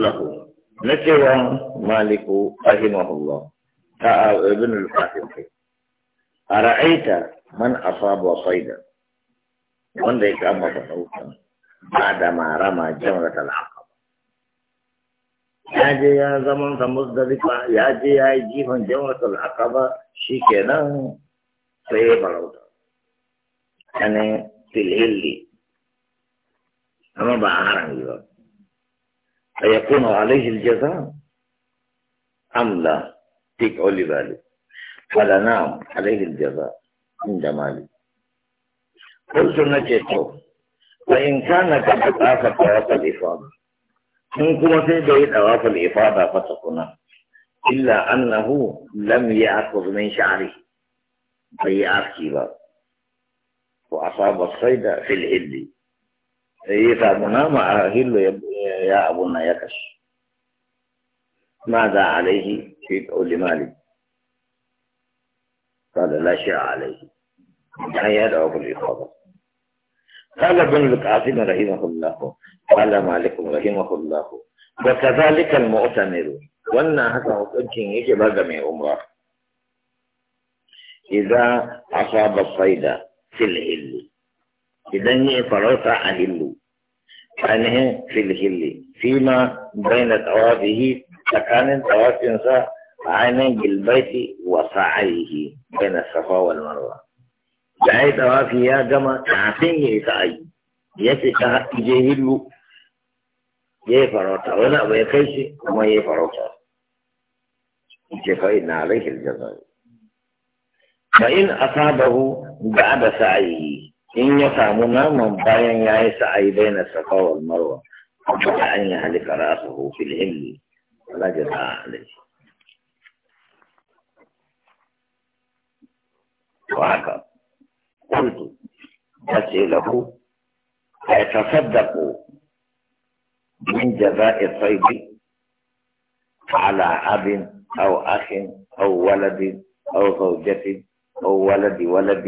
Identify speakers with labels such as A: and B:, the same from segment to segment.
A: له نسوى مالك رحمه الله تعالى ابن الحاكم أرأيت من أصاب صيدا wanda ya kama farautan ba da marama jamrat al'aqab ya je ya zaman sa muzdalifa ya je ya yi jifan jamrat al'aqab shikenan sai ya farauta ane tilhilli amma ba a harami ba أيكون عليه الجزاء أم لا تيك أولي بالي قال نعم عليه الجزاء عند جمالي قلت نجيته فإن كان قد آفة طواف الإفاضة إن كما سيدي طواف الإفاضة فتقنا إلا أنه لم يأخذ من شعره فيأخي بقى وأصاب الصيد في الهل إيه فمنام أهل يبقى يا أبونا nan ماذا عليه في قول مالك قال لا شيء عليه يعني يدعو بالإفاضة قال ابن القاسم رحمه الله قال مالك رحمه الله وكذلك المؤتمر وانا هذا ممكن يجي بقى عمره إذا أصاب الصيد في الهل إذا فرط أهلو Anihin filhilli fima baina tawafihi tsakanin tawafinsa a ainihin gilbaiti wa sa'ayihi baina safa wal Yayi da ya gama kafin ya yi sa'ayi ya ce ta je hillu ya yi farauta wani abu ya kai shi kuma ya yi farauta in in ya samu naman bayan ya yi sa'ai bai na safa wal marwa da an yi halika rasa hufil hilli wala jaza alaihi وهكذا قلت أسئله يتصدق من جزاء صيد على أب أو أخ أو ولد أو زوجة أو ولد ولد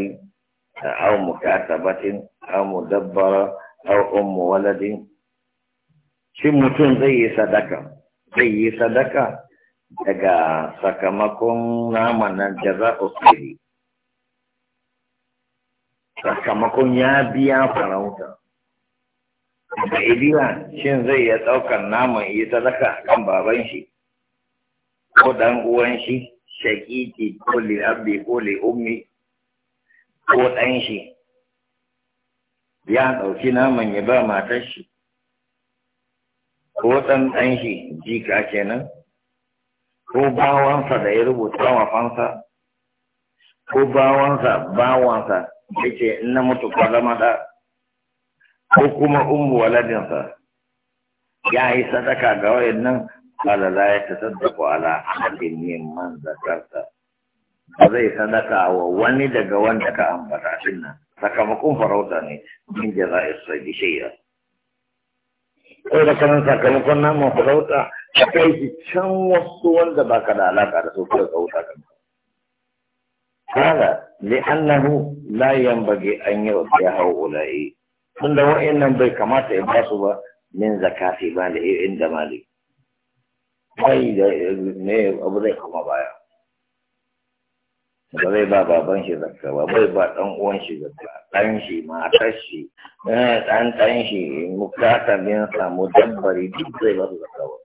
A: أو مكاتبة أو مدبرة أو أم ولد shi mutum زي صدقة زي zai yi sadaka daga sakamakon naman nan jaza'u sirri sakamakon ya biya farauta da idiya shin zai iya ɗaukar naman yi daka kan baban shi ko dan uwan shi shaƙiƙi ko li abdi ko li ummi ko ɗan shi ya ɗauki naman ya ba matar shi ko ɗan ɗan shi jika kenan ko bawansa da ya rubuta wa fansa ko bawansa bawansa da ke na mutu ko zama ko kuma umu waladinsa ya yi sadaka ga wayannan alala ya ta saddaku ala ahadin neman zakarta ba zai sadaka wa wani daga wanda ka ambata shin nan sakamakon farauta ne min jaza'i sai shay'a
B: kai da kanan sakamakon
A: namun farauta ka kai shi can wasu wanda ba ka da alaka da su da sauta kan kala annahu la yambage an yu'ti haula'i tunda wa'annan bai kamata ya basu ba min zakati ba da inda mali kai da ne abu zai kuma baya ba zai ba baban shi zakka ba bai ba dan uwan shi zakka dan shi matar shi dan eh, dan shi mukata bin samu dabbari duk zai ba zakka ba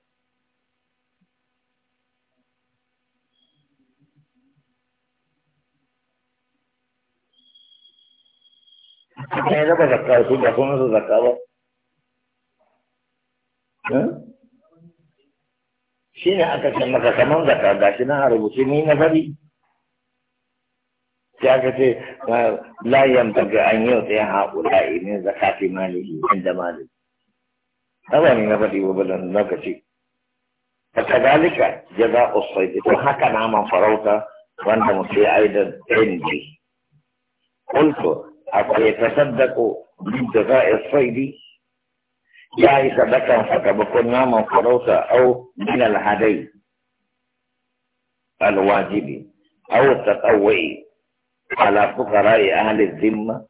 A: Kan raba zakka su da sunan su zakka ba. Eh? Shi ne aka ce maka kaman zakka shi na a rubuce ni na bari. ya ka ce layan daga an yau ta yi haƙura ne zakati mali yin da mali Allah ne na faɗi wa bala na ka ce ta kagalika ya za a tsaye ta haka na man farauta wanda mu ce aidan ɗanji kulto a kai ta saddako duk da za a tsaye ya yi sadakan saka bakon naman farauta au min alhadai alwajibi au tsakawai ala fukara ya ahli zimma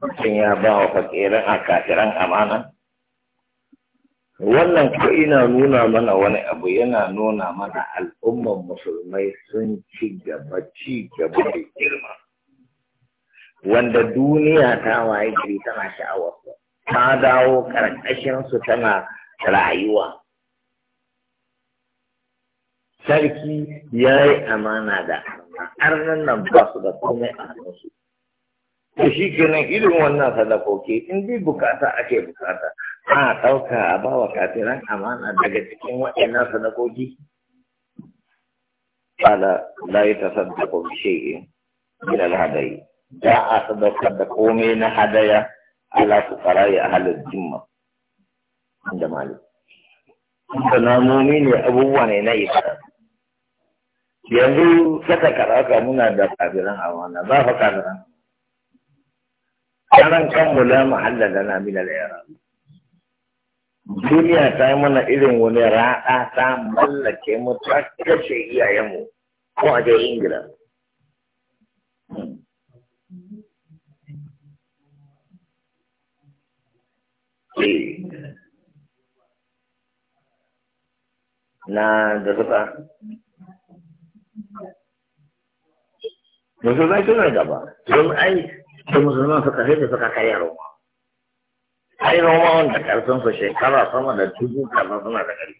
A: mutum ya ba wa fakiran a ah, kafiran amana wannan ko ina nuna mana wani abu yana nuna mana al'umman musulmai sun ci gaba ci gaba da girma wanda duniya ta waye tana sha'awar ta dawo karkashin su tana rayuwa sarki ya yi amana da arnan nan ba su da komai a hannunsu to shi kenan irin wannan sadakoki in dai bukata ake bukata a ɗauka a ba wa kafiran amana daga cikin waɗannan sadakoki ala la yi tasaddaqu bi shay'in min al-hadayi da a sadaukar da komai na hadaya ala fuqara a halin jimma inda malik da ne abubuwa ne na ibada yanzu saka karaka muna da kafiran a na ba fa kafiran karan mu la mahalla lana min al duniya ta yi mana irin wani raɗa ta mallake mu ta kashe iyayenmu ko a jai ingila eh. na da suka musulmai suna gaba don ai da musulman suka sai da suka karya roma ai roma wanda karfin su shekara sama da dubu kala suna da ƙarfi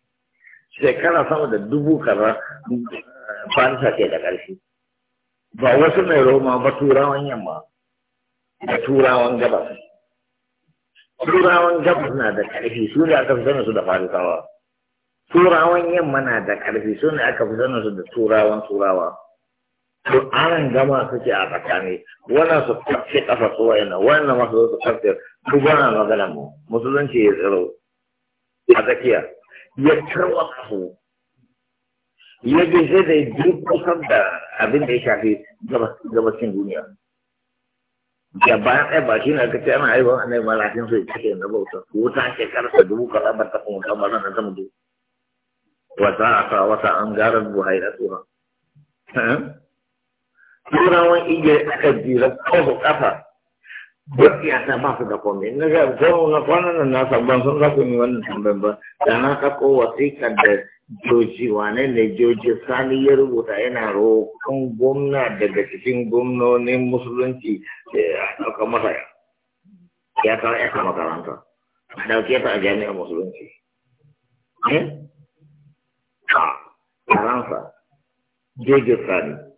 A: shekara sama da dubu kala eh, fansa ke da ƙarfi ba wasu mai roma ba turawan yamma da turawan gabas turawan gabas na da ƙarfi su ne aka fi sanin su da farisawa turawan yamma na da ƙarfi su ne aka fi sanin su da turawan turawa to an gama suke a tsakani wannan su kafe kafa su wa'ina wannan masu zo su kafe su gwana magana mu musulunci ya tsaro a tsakiya ya tarwa su ya ji sai da duk da abin da ya shafi gabacin duniya da bayan ɗaya ba shi na kace ana aiwa ana yi malafin su ya ce na bauta wuta shekarar ta dubu kaza ba ta kuma ta ba na ta mutu wata a sa wata an garar buhari a tsoron hm? turawan igiyar aka jira kawai kafa Bakiya ta ba su da komai. Na ga ko na kwanan na san ban sun zafi mi wannan tambayar ba. Da na kako wasiƙa da joji wane ne joji sani ya rubuta yana roƙon gwamna daga cikin gwamnonin musulunci eh, a ɗaukar masa ya kawo ya kama karanta. A ɗauke ta a jami'ar musulunci. Eh? Ka, karansa, joji sani.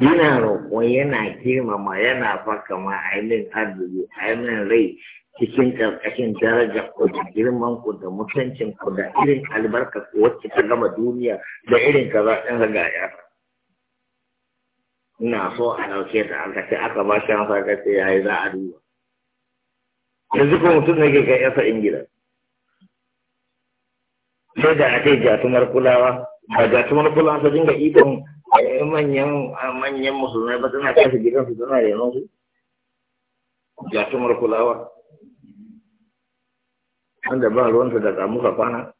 A: yana roƙo yana girmama yana faka ma ainihin arziki ainihin rai cikin ƙarƙashin daraja ku da girman ku da mutuncin ku da irin albarka ku wacce ta gama duniya da irin kaza ɗin raga ya ina so a ɗauke ta aka ce aka ba shi hanfa ka ce yi za a duba yanzu ko mutum ne ke kai yasa ingila sai da a ce jatumar kulawa ba jatumar kulawa ta dinga ikon manyan ah, manyan musulmai ba suna kashe gidan su suna renon su jatumar kulawa wanda ba ruwanta da muka kwana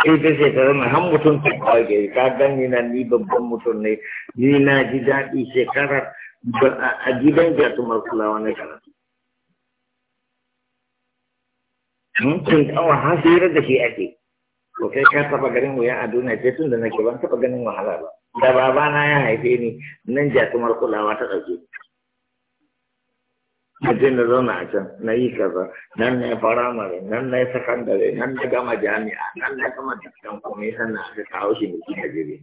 A: sai ta shekara mai han mutum ta kwage ka gani na ni babban mutum ne ni na ji daɗi shekarar a gidan jatumar kulawa na karatu mutum kawai hasirar da shi ake ko kai ka taba garin wuya a duniya sai tun da nake ban taba ganin wahala ba da babana ya haife ni nan jatumar kulawa ta ɗauke na je na zauna a can na yi kaza nan na yi firamare nan na yi sakandare nan na gama jami'a nan na gama dukkan komai sannan aka kawo shi mai kina jiri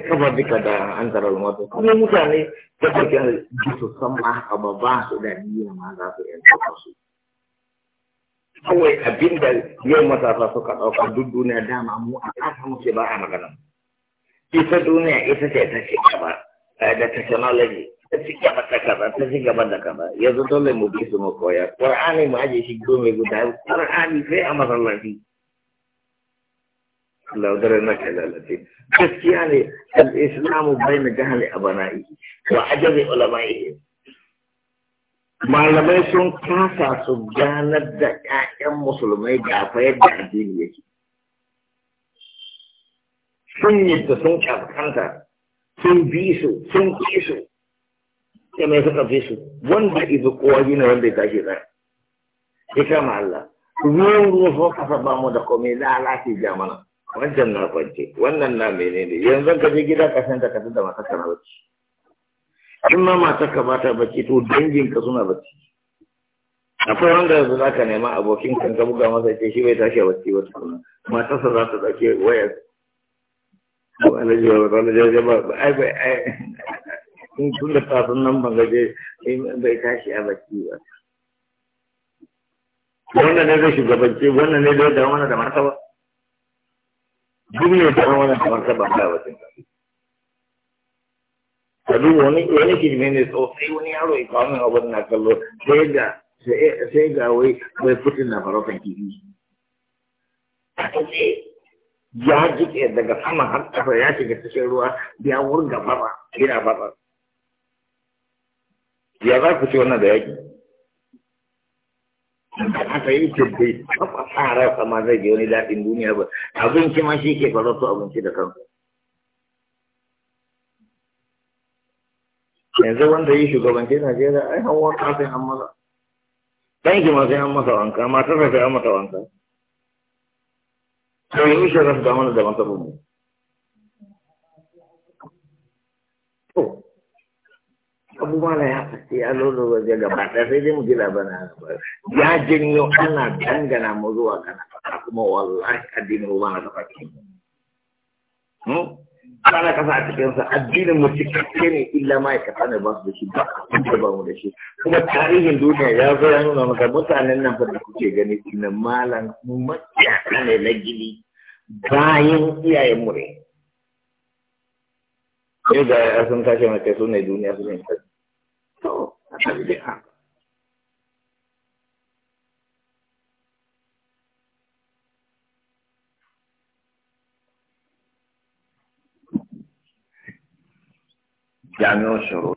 A: sai ka bar duka da an tarar mota kuma mutane da bakin da su san ma haka ba ba su da niyya ma za su yan tafa su kawai abin da yau matasa suka ɗauka duk duniya dama mu a ƙasa muke ba a magana ita duniya ita ce ta ci gaba eh, da technology ta ci gaba da kaza ta ci gaba da kaza yanzu dole mu bi su mu koya ƙur'ani mu aje shi gome guda ƙur'ani sai a masallaci laudar na kalalace gaskiya ne al-islamu bayna jahali abana'i wa ajabi ulama'i malamai sun kasa su ganar da ƴaƴan musulmai ga fa yadda addini yake sun yi ta sun kafkanta sun bi su sun ki su sai mai suka fi su wanda ibi kowa gina wanda ya tashi tsaye ya ma Allah ruwan ruwa so kasa ba mu da komai lalace jamanan. wancan na kwance wannan na menene yanzu ka je gida ka san ka tafi da matar kana bacci in ma matar ka bata bacci to dangin ka suna bacci akwai wanda yanzu za ka nema abokin kan ka buga masa ce shi bai tashi a bacci ba tukuna matarsa za ta dauke wayar in tun da kafin nan ban gaje bai tashi a bacci ba
B: wannan ne zai shugabance
A: wannan ne zai dawo da martaba duk ne da wani kamar ta ban da wajen
B: ka duba wani wani
A: kirme ne sosai wani yaro ya kawo min abin na kallo sai ga sai ga wai wai putin na farautan kifi ya jike daga sama har kafa ya shiga cikin ruwa ya wurga fama yana fama ya za ku ce wannan da yaki da aka yi tubbe kafa tsara sama zai je wani daɗin duniya ba abinci ma shi ke farautu abinci da kansa yanzu wanda yi shugabanci Najeriya ai hawa ka sai an masa danki ma sai an mata wanka matarsa sai an mata wanka to yi shi rasu da mana da masarar mu abubuwa na ya fasi ya lolo waje gaba ɗaya sai dai mu ji labarin ya janyo ana dangana mu zuwa kana fata kuma wallahi addinin ruwa na tafa ke hmm? ana kasa a sa addinin mu cikakke ne illa ma ya kafa ne ba su da shi ba da ba mu da shi kuma tarihin duniya ya zo ya nuna maka mutanen nan fa da kuke gani na malam makiya ne na gini bayan iyayen mu ne. Yau ga sun tashi mace su ne duniya su ne kashe. to a bid'a jami'ar